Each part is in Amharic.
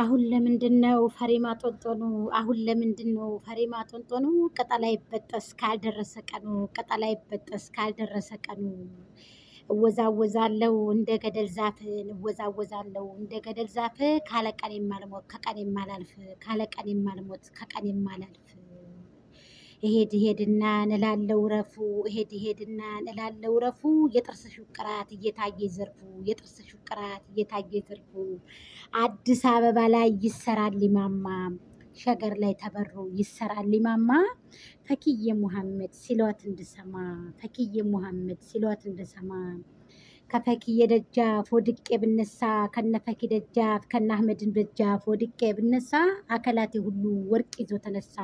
አሁን ለምንድን ነው ፈሬማ ጦንጦኑ? አሁን ለምንድን ነው ፈሬማ ጦንጦኑ? ቅጠላ ይበጠስ ካልደረሰ ቀኑ፣ ቅጠላ ይበጠስ ካልደረሰ ቀኑ። እወዛወዛለው እንደ ገደል ዛፍ፣ እወዛወዛለው እንደ ገደል ዛፍ፣ ካለ ቀን የማልሞት ከቀን የማላልፍ፣ ካለ ቀን የማልሞት ከቀን የማላልፍ እሄድ እሄድና ንላለው ረፉ እሄድ እሄድና ንላለው ረፉ የጥርስ ውቅራት እየታየ ዘርፉ የጥርስ ውቅራት እየታየ ዘርፉ አዲስ አበባ ላይ ይሰራል ሊማማ ሸገር ላይ ተበሩ ይሰራል ሊማማ ፈኪዬ ሙሐመድ ሲሏት እንድሰማ ፈኪዬ ሙሐመድ ሲሏት እንድሰማ ከፈኪ የደጃፍ ወድቄ ብነሳ ከነፈኪ ደጃፍ ከነአህመድን ደጃፍ ወድቄ ብነሳ አካላቴ ሁሉ ወርቅ ይዞ ተነሳ።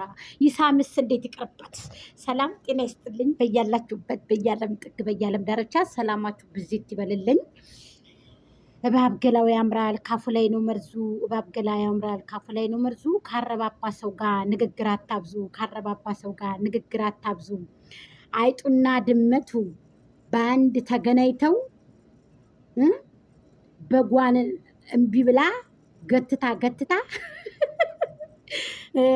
ይሳምስ እንዴት ይቅርባት። ሰላም ጤና ይስጥልኝ በያላችሁበት በያለም ጥግ በያለም ዳርቻ ሰላማችሁ ብዜት ይበልልኝ። እባብ ገላው ያምራል ካፉ ላይ ነው መርዙ። እባብ ገላ ያምራል ካፉ ላይ ነው መርዙ። ካረባባ ሰው ጋር ንግግር አታብዙ። ካረባባ ሰው ጋር ንግግር አታብዙ። አይጡና ድመቱ በአንድ ተገናኝተው በጓን እምቢ ብላ ገትታ ገትታ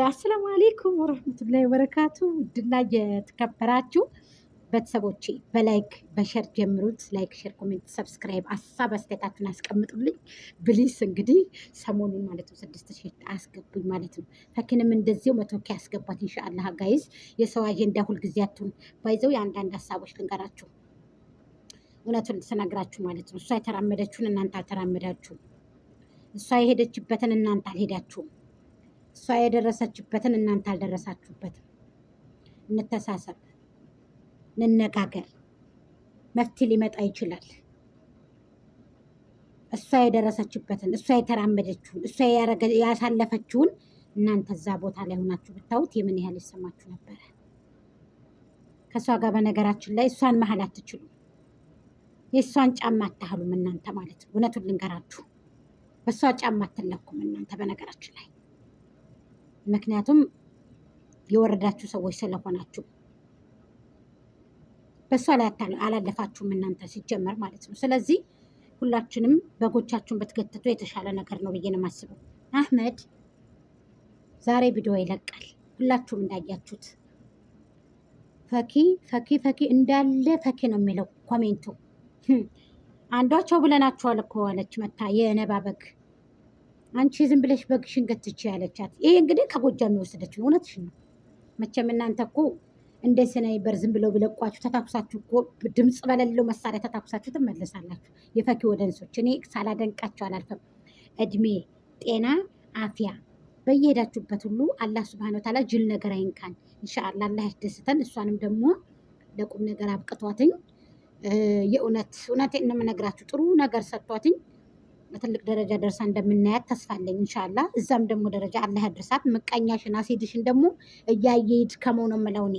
አሰላሙ አሌይኩም ወረህመቱላሂ ወበረካቱ። ውድና የተከበራችሁ ቤተሰቦቼ በላይክ በሸር ጀምሩት። ላይክ፣ ሸር፣ ኮሜንት፣ ሰብስክራይብ አሳብ አስተያየታችሁን አስቀምጡልኝ ብሊስ። እንግዲህ ሰሞኑን ማለት ነው ስድስት ሺህ አስገቡኝ ማለት ነው። ፈኪንም እንደዚው መቶኪ አስገባት። ኢንሻአላህ ጋይዝ የሰው አጀንዳ ሁልጊዜያቱን ባይዘው የአንዳንድ ሀሳቦች ልንገራችሁ እውነቱን ስነግራችሁ ማለት ነው። እሷ የተራመደችውን እናንተ አልተራመዳችሁም። እሷ የሄደችበትን እናንተ አልሄዳችሁም። እሷ የደረሰችበትን እናንተ አልደረሳችሁበትም። እንተሳሰብ፣ እንነጋገር፣ መፍትሄ ሊመጣ ይችላል። እሷ የደረሰችበትን እሷ የተራመደችውን እሷ ያሳለፈችውን እናንተ እዛ ቦታ ላይ ሆናችሁ ብታዩት የምን ያህል ይሰማችሁ ነበረ? ከእሷ ጋር በነገራችን ላይ እሷን መሀል አትችሉም። የእሷን ጫማ አታህሉም እናንተ ማለት ነው። እውነቱን ልንገራችሁ በእሷ ጫማ አትለኩም እናንተ በነገራችሁ ላይ ምክንያቱም የወረዳችሁ ሰዎች ስለሆናችሁ በእሷ ላይ አላለፋችሁም እናንተ ሲጀመር ማለት ነው። ስለዚህ ሁላችንም በጎቻችሁን በትገተቱ የተሻለ ነገር ነው ብዬ ነው የማስበው። አህመድ ዛሬ ቪዲዮ ይለቃል፣ ሁላችሁም እንዳያችሁት። ፈኪ ፈኪ ፈኪ እንዳለ ፈኪ ነው የሚለው ኮሜንቱ አንዷቸው ብለናቸዋል እኮ አለች መታ የነባ በግ አንቺ ዝም ብለሽ በግሽን ገትቼ ያለቻት። ይሄ እንግዲህ ከጎጃም የሚወሰደች ነው። እውነትሽ ነው። መቼም እናንተ እኮ እንደ ስናይበር ዝም ብለው ብለቋችሁ ተታኩሳችሁ እኮ ድምፅ በሌለው መሳሪያ ተታኩሳችሁ ትመለሳላችሁ። የፈኪ ወደንሶች እኔ ሳላደንቃቸው አላልፈም። እድሜ ጤና አፊያ በየሄዳችሁበት ሁሉ አላህ ስብሃነ ወተዓላ ጅል ነገር አይንካን። እንሻአላ አላህ ያስደስተን። እሷንም ደግሞ ለቁም ነገር አብቅቷትኝ የእውነት እውነቴን እንደምነግራችሁ ጥሩ ነገር ሰጥቷትኝ በትልቅ ደረጃ ደርሳ እንደምናያት ተስፋ አለኝ። እንሻላ እዛም ደግሞ ደረጃ አላህ ያድርሳት። ምቀኛሽን አሲድሽን ደግሞ እያየ ይድከመው ነው የምለው እኔ።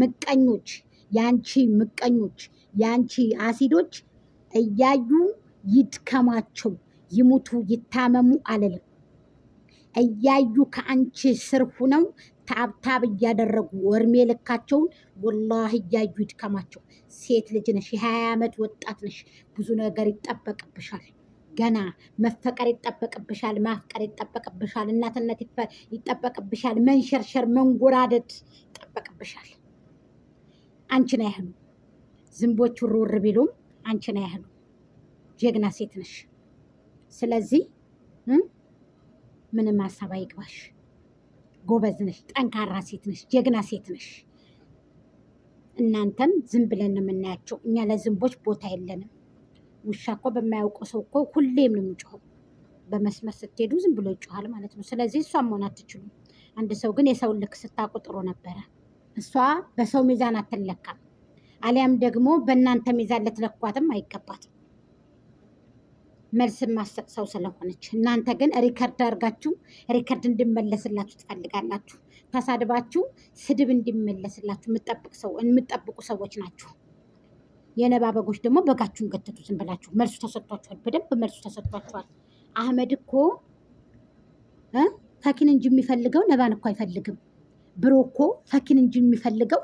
ምቀኞች የአንቺ ምቀኞች የአንቺ አሲዶች እያዩ ይድከማቸው፣ ይሙቱ፣ ይታመሙ አልልም እያዩ ከአንቺ ስር ሁነው ታብታብ እያደረጉ ወርሜ ልካቸውን ወላህ እያዩ ይድከማቸው። ሴት ልጅ ነሽ፣ የሀያ ዓመት ወጣት ነሽ። ብዙ ነገር ይጠበቅብሻል። ገና መፈቀር ይጠበቅብሻል፣ ማፍቀር ይጠበቅብሻል፣ እናትነት ይጠበቅብሻል፣ መንሸርሸር፣ መንጎራደድ ይጠበቅብሻል። አንቺን አይህሉ ዝንቦች ውር ውር ቢሉም አንቺን አይህሉ። ጀግና ሴት ነሽ። ስለዚህ ምንም ሀሳብ አይግባሽ። ጎበዝ ነሽ፣ ጠንካራ ሴት ነሽ፣ ጀግና ሴት ነሽ። እናንተም ዝም ብለን ነው የምናያቸው። እኛ ለዝንቦች ቦታ የለንም። ውሻ እኮ በማያውቀው ሰው እኮ ሁሌም ነው የሚጮኸው። በመስመር ስትሄዱ ዝም ብሎ ይጮኋል ማለት ነው። ስለዚህ እሷ መሆን አትችሉም። አንድ ሰው ግን የሰውን ልክ ስታውቁ ጥሩ ነበረ። እሷ በሰው ሚዛን አትለካም፣ አሊያም ደግሞ በእናንተ ሚዛን ልትለኳትም አይገባትም። መልስ ማሰጥ ሰው ስለሆነች እናንተ ግን ሪከርድ አድርጋችሁ ሪከርድ እንድመለስላችሁ ትፈልጋላችሁ። ተሳድባችሁ ስድብ እንዲመለስላችሁ የምጠብቁ ሰዎች ናችሁ። የነባ በጎች ደግሞ በጋችሁን ገተቱትን ብላችሁ መልሱ ተሰጥቷችኋል። በደንብ መልሱ ተሰጥቷችኋል። አህመድ እኮ ፈኪን እንጂ የሚፈልገው ነባን እኮ አይፈልግም። ብሮ እኮ ፈኪን እንጂ የሚፈልገው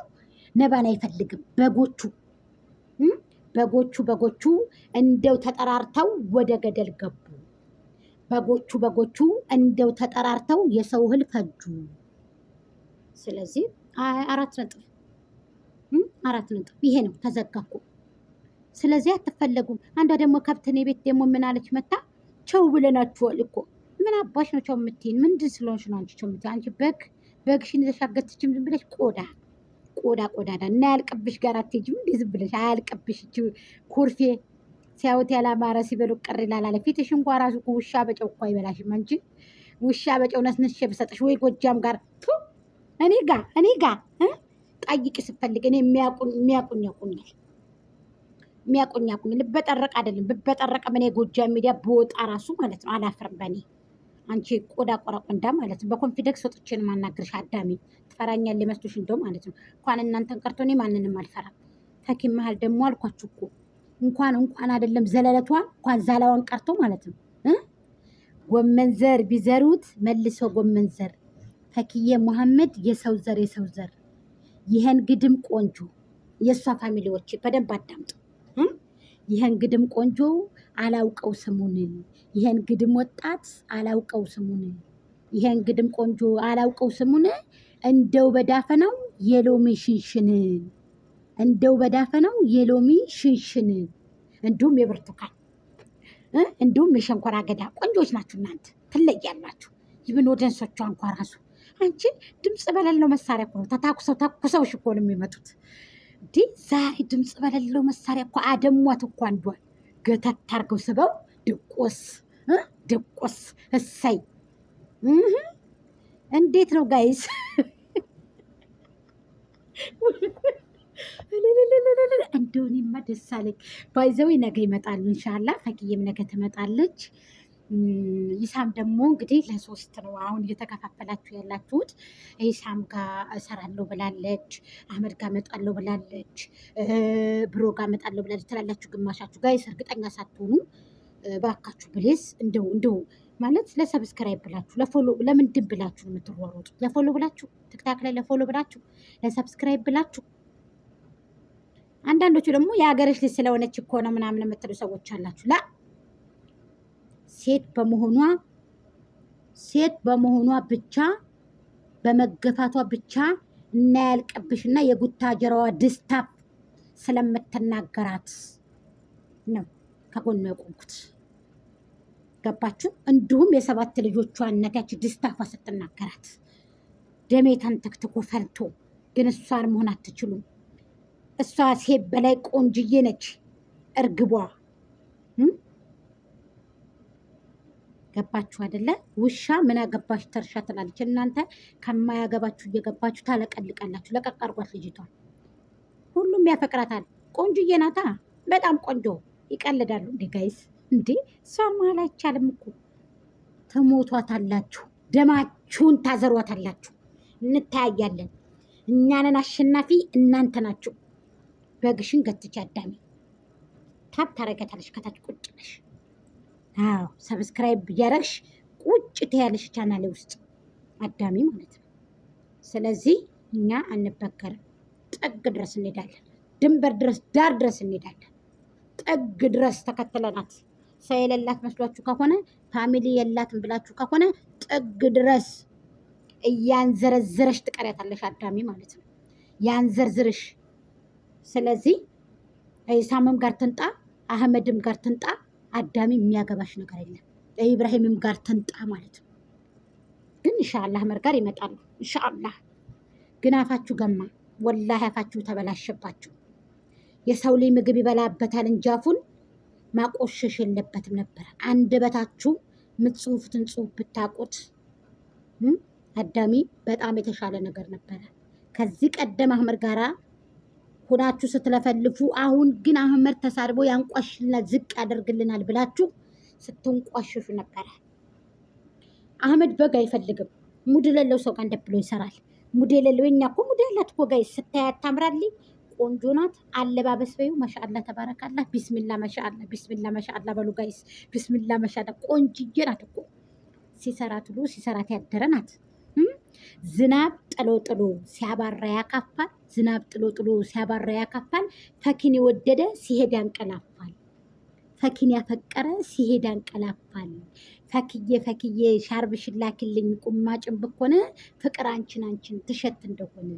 ነባን አይፈልግም። በጎቹ በጎቹ በጎቹ እንደው ተጠራርተው ወደ ገደል ገቡ። በጎቹ በጎቹ እንደው ተጠራርተው የሰው እህል ፈጁ። ስለዚህ አራት ነጥብ አራት ነጥብ ይሄ ነው ተዘጋኩ። ስለዚህ አትፈለጉም። አንዷ ደግሞ ከብት እኔ ቤት ደግሞ ምን አለች መታ ቸው ብለናችኋል እኮ ምን አባሽ ነው ቸው የምትይን? ምንድን ስለሆንሽ ነው አንቺ ቸው የምትይን? አንቺ በግ በግሽን የተሻገትችም ዝም ብለሽ ቆዳ ቆዳ ቆዳዳ እና ያልቅብሽ ጋር አትሄጂም። እንዲህ ዝም ብለሽ አያልቅብሽ እጅ ኩርፌ ሲያዩት ያላማረ ሲበሉ ቅር ይላል። ፊትሽ እንኳ ራሱ ውሻ በጨው እኮ አይበላሽም እንጂ ውሻ በጨው ነስንሽ ብሰጥሽ ወይ ጎጃም ጋር ቱ እኔ ጋ እኔ ጋ ጠይቂ ስፈልግ እኔ የሚያቁኝ የሚያቁኝ ያቁኛል የሚያቁኝ ያቁኛል። ልበጠረቅ አይደለም ብበጠረቅ እኔ ጎጃም ሚዲያ ብወጣ ራሱ ማለት ነው አላፍርም በእኔ አንቺ ቆዳ ቆራቆንዳ ማለት ነው። በኮንፊደንስ ወጥቼ ነው ማናገርሽ። አዳሚ ትፈራኛል ሊመስሉሽ እንደው ማለት ነው። እንኳን እናንተን ቀርቶ እኔ ማንንም አልፈራም። ተኪ መሀል ደግሞ አልኳችሁ እኮ እንኳን እንኳን አይደለም ዘለለቷ እንኳን ዛላዋን ቀርቶ ማለት ነው። ጎመን ዘር ቢዘሩት መልሶ ጎመን ዘር። ተኪዬ መሐመድ የሰው ዘር የሰው ዘር። ይህን ግድም ቆንጆ የእሷ ፋሚሊዎች በደንብ አዳምጡ። ይህን ግድም ቆንጆ አላውቀው ስሙን፣ ይህን ግድም ወጣት አላውቀው ስሙን፣ ይህን ግድም ቆንጆ አላውቀው ስሙን፣ እንደው በዳፈነው የሎሚ ሽንሽን፣ እንደው በዳፈነው የሎሚ ሽንሽን፣ እንዲሁም የብርቱካን እንዲሁም የሸንኮራ አገዳ ቆንጆች ናችሁ እናንተ ትለያላችሁ። ይብን ወደንሶቹ አንኳ ራሱ አንቺ ድምፅ በሌለው መሳሪያ ነው ተታኩሰው ተኩሰው ሽኮን የሚመጡት። እንዲ ዛሬ ድምፅ በሌለው መሳሪያ እኮ አደሟት እኮ አንዷን ገተት ታርገው ስበው ድቆስ ድቆስ እሰይ እንዴት ነው ጋይስ? እንደውኔማ ደስ አለኝ። ባይዘዌ ነገ ይመጣሉ። እንሻላ ፈቅዬም ነገ ትመጣለች። ኢሳም ደግሞ እንግዲህ ለሶስት ነው አሁን እየተከፋፈላችሁ ያላችሁት። ኢሳም ጋር እሰራለሁ ብላለች፣ አህመድ ጋር እመጣለሁ ብላለች፣ ብሮ ጋር እመጣለሁ ብላለች ትላላችሁ ግማሻችሁ ጋር እርግጠኛ ሳትሆኑ ባካችሁ ብሌስ እንደው እንደው ማለት ለሰብስክራይብ ብላችሁ ለፎሎ ለምንድን ብላችሁ የምትሯሯጡት? ለፎሎ ብላችሁ ትክታክ ላይ ለፎሎ ብላችሁ ለሰብስክራይብ ብላችሁ አንዳንዶቹ ደግሞ የሀገረች ልጅ ስለሆነች እኮ ነው ምናምን የምትሉ ሰዎች አላችሁ ላ ሴት በመሆኗ ሴት በመሆኗ ብቻ በመገፋቷ ብቻ እናያልቅብሽና የጉታጀራዋ ድስታፍ ስለምትናገራት ነው ከጎኗ የቆምኩት። ገባችሁ? እንዲሁም የሰባት ልጆቿ እናት ያቺ ስትናገራት ደሜ ተንተክትኮ ፈልቶ፣ ግን እሷን መሆን አትችሉም። እሷ ሴት በላይ ቆንጅዬ ነች እርግቧ ገባችሁ አይደለ? ውሻ ምን አገባሽ ተርሻ ትላለች። እናንተ ከማያገባችሁ እየገባችሁ ታለቀልቃላችሁ። ለቀቅ ልጅቷ ሁሉም ያፈቅራታል። ቆንጆዬ ናታ፣ በጣም ቆንጆ። ይቀልዳሉ እንዴ ጋይስ? እንዴ መሀል አይቻልም እኮ ትሞቷታላችሁ። ደማችሁን ታዘሯታላችሁ። እንታያያለን። እኛንን አሸናፊ እናንተ ናችሁ። በግሽን ገትች አዳሚ ታብ ታረጋታለሽ ከታች ቁጭ ነሽ አዎ ሰብስክራይብ እያደረግሽ ቁጭ ትያለሽ ቻናሌ ውስጥ አዳሚ ማለት ነው። ስለዚህ እኛ አንበከርም፣ ጥግ ድረስ እንሄዳለን፣ ድንበር ድረስ ዳር ድረስ እንሄዳለን፣ ጥግ ድረስ ተከትለናት። ሰው የሌላት መስሏችሁ ከሆነ ፋሚሊ የላትም ብላችሁ ከሆነ ጥግ ድረስ እያንዘረዝረሽ ትቀሪያታለሽ አዳሚ ማለት ነው። ያንዘርዝርሽ። ስለዚህ ኢሳምም ጋር ትንጣ አህመድም ጋር ትንጣ አዳሚ የሚያገባሽ ነገር የለም። ኢብራሂምም ጋር ተንጣ ማለት ነው። ግን ኢንሻአላህ መር ጋር ይመጣሉ። እንሻአላህ ግን አፋችሁ ገማ፣ ወላሂ አፋችሁ ተበላሸባችሁ። የሰው ልጅ ምግብ ይበላበታል እንጂ አፉን ማቆሸሽ የለበትም ነበር። በታችሁ የምትጽፉትን ጽሁፍ ብታቁት አዳሚ በጣም የተሻለ ነገር ነበረ። ከዚህ ቀደም አህመድ ጋራ ሁላችሁ ስትለፈልፉ፣ አሁን ግን አህመድ ተሳድቦ ያንቋሽልና ዝቅ ያደርግልናል ብላችሁ ስትንቋሽሹ ነበረ። አህመድ በግ አይፈልግም። ሙድ ለለው ሰው ቀንደብ ብሎ ይሰራል። ሙድ የሌለው የኛ እኮ ሙድ ያላት እኮ ጋይ ስታያት ታምራልኝ፣ ቆንጆ ናት። አለባበስ በዩ ማሻአላ ተባረካላ፣ ቢስሚላ ማሻአላ፣ ቢስሚላ ማሻአላ በሉ ጋይስ፣ ቢስሚላ ማሻአላ። ቆንጅዬ ናት እኮ ሲሰራት ውሎ ሲሰራት ያደረ ናት። ዝናብ ጥሎ ጥሎ ሲያባራ ያካፋል። ዝናብ ጥሎ ጥሎ ሲያባራ ያካፋል። ፈኪን የወደደ ሲሄድ ያንቀላፋል። ፈኪን ያፈቀረ ሲሄድ ያንቀላፋል። ፈክዬ ፈክዬ ሻርብሽን ላኪልኝ ቁማጭን ብኮነ ፍቅር አንቺን አንቺን ትሸት እንደሆነ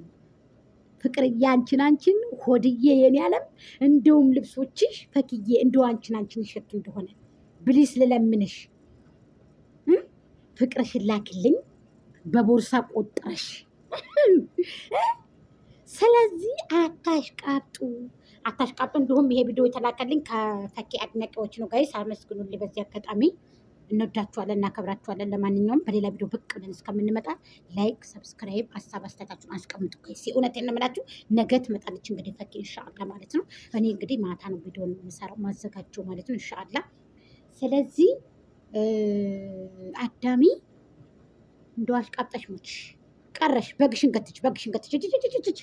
ፍቅርዬ አንቺን አንቺን ሆድዬ የኔ ዓለም እንደውም ልብሶችሽ ፈክዬ እንደው አንቺን አንቺን ይሸት እንደሆነ ብሊስ ልለምንሽ ፍቅር ሽላክልኝ በቦርሳ ቆጥረሽ። ስለዚህ አታሽቃብጡ፣ አታሽቃብጡ። እንዲሁም ይሄ ቪዲዮ የተላከልኝ ከፈኪ አድናቂዎች ነው። ጋይስ አመስግኑልኝ በዚህ አጋጣሚ። እንወዳችኋለን፣ እናከብራችኋለን። ለማንኛውም በሌላ ቪዲዮ ብቅ ብለን እስከምንመጣ ላይክ፣ ሰብስክራይብ፣ ሀሳብ አስተያየታችሁን አስቀምጡ። ከሲ እውነት የንምላችሁ ነገ ትመጣለች እንግዲህ ፈኪ እንሻአላ ማለት ነው። እኔ እንግዲህ ማታ ነው ቪዲዮ የምሰራው ማዘጋጀው ማለት ነው እንሻአላ። ስለዚህ አዳሚ እንደው አሽቃብጠሽ ሞትሽ ቀረሽ። በግሽን ገትች በግሽን ገትች